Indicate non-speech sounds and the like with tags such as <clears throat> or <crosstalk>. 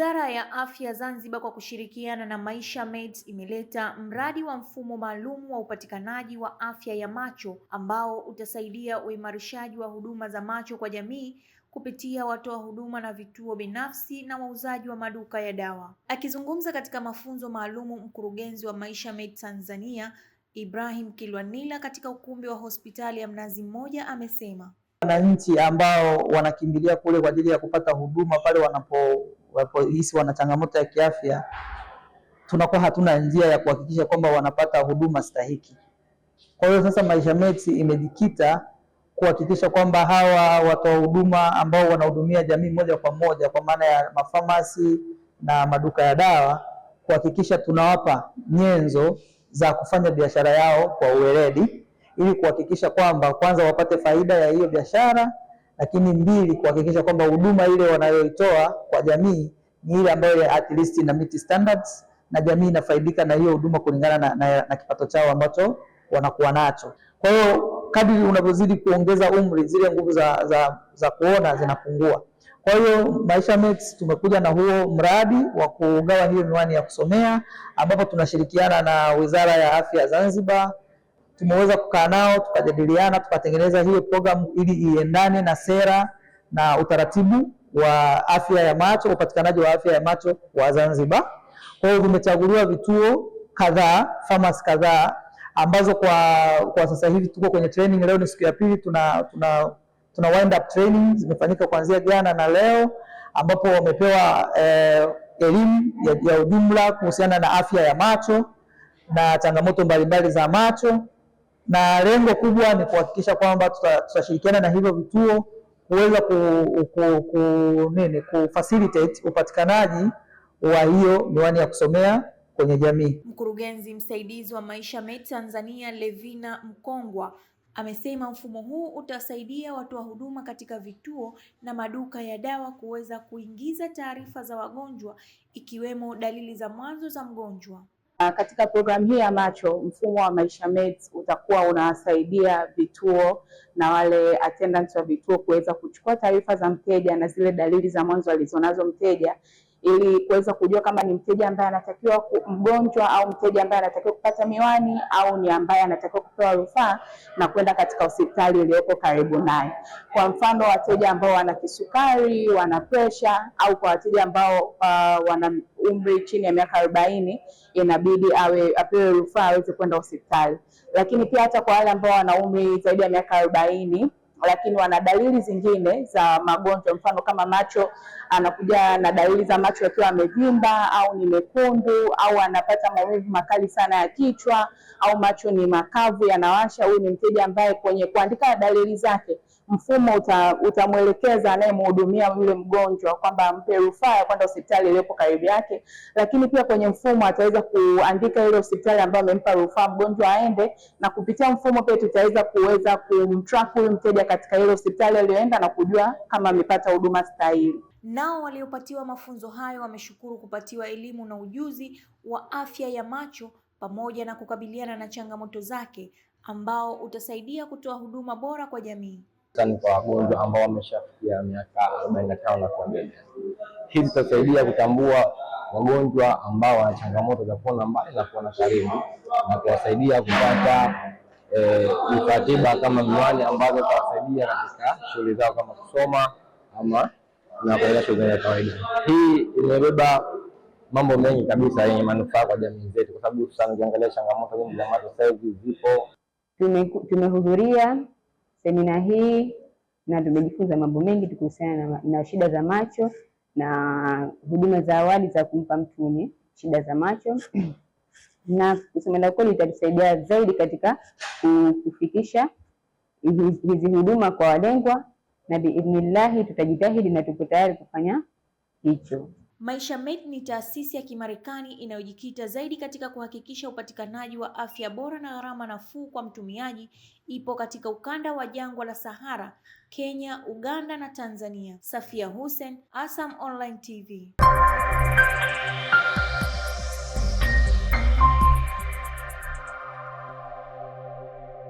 Wizara ya Afya Zanzibar kwa kushirikiana na Maisha Meds imeleta mradi wa mfumo maalum wa upatikanaji wa afya ya macho ambao utasaidia uimarishaji wa huduma za macho kwa jamii kupitia watoa huduma na vituo binafsi na wauzaji wa maduka ya dawa. Akizungumza katika mafunzo maalumu, mkurugenzi wa Maisha Meds Tanzania, Ibrahim Kilwanila, katika ukumbi wa hospitali ya Mnazi Mmoja amesema wananchi ambao wanakimbilia kule kwa ajili ya kupata huduma pale wanapo wanapohisi wana changamoto ya kiafya, tunakuwa hatuna njia ya kuhakikisha kwamba wanapata huduma stahiki. Kwa hiyo sasa Maisha meti imejikita kuhakikisha kwamba hawa watoa huduma ambao wanahudumia jamii moja kwa moja, kwa maana ya mafamasi na maduka ya dawa, kuhakikisha tunawapa nyenzo za kufanya biashara yao kwa uweledi, ili kuhakikisha kwamba kwanza wapate faida ya hiyo biashara lakini mbili, kuhakikisha kwamba huduma ile wanayoitoa kwa jamii ni ile ambayo at least meet standards na jamii inafaidika na hiyo huduma kulingana na, na, na kipato chao ambacho wanakuwa nacho. Kwa hiyo kadri unavyozidi kuongeza umri, zile nguvu za, za, za kuona zinapungua. Kwa hiyo Maisha Max tumekuja na huo mradi wa kugawa hiyo miwani ya kusomea ambapo tunashirikiana na Wizara ya Afya Zanzibar tumeweza kukaa nao tukajadiliana, tukatengeneza hiyo programu ili iendane na sera na utaratibu wa afya ya macho, upatikanaji wa afya ya macho wa Zanzibar. Kwa hiyo vimechaguliwa vituo kadhaa, famasi kadhaa ambazo kwa, kwa sasa hivi tuko kwenye training. Leo ni siku ya pili, tuna, tuna, tuna wind up training zimefanyika kuanzia jana na leo, ambapo wamepewa eh, elimu ya, ya ujumla kuhusiana na afya ya macho na changamoto mbalimbali za macho na lengo kubwa ni kuhakikisha kwamba tutashirikiana na hivyo vituo kuweza ku, ku, ku, nini facilitate upatikanaji wa hiyo miwani ya kusomea kwenye jamii. Mkurugenzi msaidizi wa Maisha Med Tanzania Levina Mkongwa amesema mfumo huu utasaidia wa huduma katika vituo na maduka ya dawa kuweza kuingiza taarifa za wagonjwa ikiwemo dalili za mwanzo za mgonjwa. Ah, katika programu hii ya macho, mfumo wa Maisha Meds utakuwa unawasaidia vituo na wale attendants wa vituo kuweza kuchukua taarifa za mteja na zile dalili za mwanzo alizonazo mteja ili kuweza kujua kama ni mteja ambaye anatakiwa mgonjwa au mteja ambaye anatakiwa kupata miwani au ni ambaye anatakiwa kupewa rufaa na kwenda katika hospitali iliyoko karibu naye. Kwa mfano, wateja ambao wana kisukari, wana presha au kwa wateja ambao uh, wana umri chini ya miaka arobaini inabidi awe apewe rufaa aweze kwenda hospitali. Lakini pia hata kwa wale ambao wana umri zaidi ya miaka arobaini lakini wana dalili zingine za magonjwa, mfano kama macho, anakuja na dalili za macho yakiwa amevimba au ni mekundu au anapata maumivu makali sana ya kichwa au macho ni makavu yanawasha. Huyu ni mteja ambaye kwenye kuandika dalili zake mfumo uta, utamwelekeza anayemhudumia yule mgonjwa kwamba ampe rufaa ya kwenda hospitali iliyopo karibu yake, lakini pia kwenye mfumo ataweza kuandika ile hospitali ambayo amempa rufaa mgonjwa aende, na kupitia mfumo pia tutaweza kuweza kumtrack huyu mteja katika ile hospitali aliyoenda na kujua kama amepata huduma stahili. Nao waliopatiwa mafunzo hayo wameshukuru kupatiwa elimu na ujuzi wa afya ya macho pamoja na kukabiliana na changamoto zake ambao utasaidia kutoa huduma bora kwa jamii hususani kwa wagonjwa ambao wameshafikia miaka arobaini na tano na kuendelea. Hii itasaidia kutambua wagonjwa ambao wana changamoto za kuona mbali na kuona karibu na kuwasaidia kupata eh, vifaa e, kama miwani ambazo itawasaidia katika shughuli zao kama kusoma ama na kuendelea shughuli za kawaida. Hii imebeba mambo mengi kabisa yenye manufaa kwa jamii zetu, kwa sababu hususani ukiangalia changamoto nyingi za macho sasa hivi zipo. Tumehudhuria semina hii na tumejifunza mambo mengi tukihusiana na, na shida za macho na huduma za awali za kumpa mtu mwenye shida za macho <clears throat> na kusema la kweli itatusaidia zaidi katika kufikisha hizi huduma kwa walengwa, na biidhnillahi tutajitahidi na tuko tayari kufanya hicho. MaishaMed ni taasisi ya Kimarekani inayojikita zaidi katika kuhakikisha upatikanaji wa afya bora na gharama nafuu kwa mtumiaji. Ipo katika ukanda wa jangwa la Sahara, Kenya, Uganda na Tanzania. Safia Hussein, ASAM Online TV.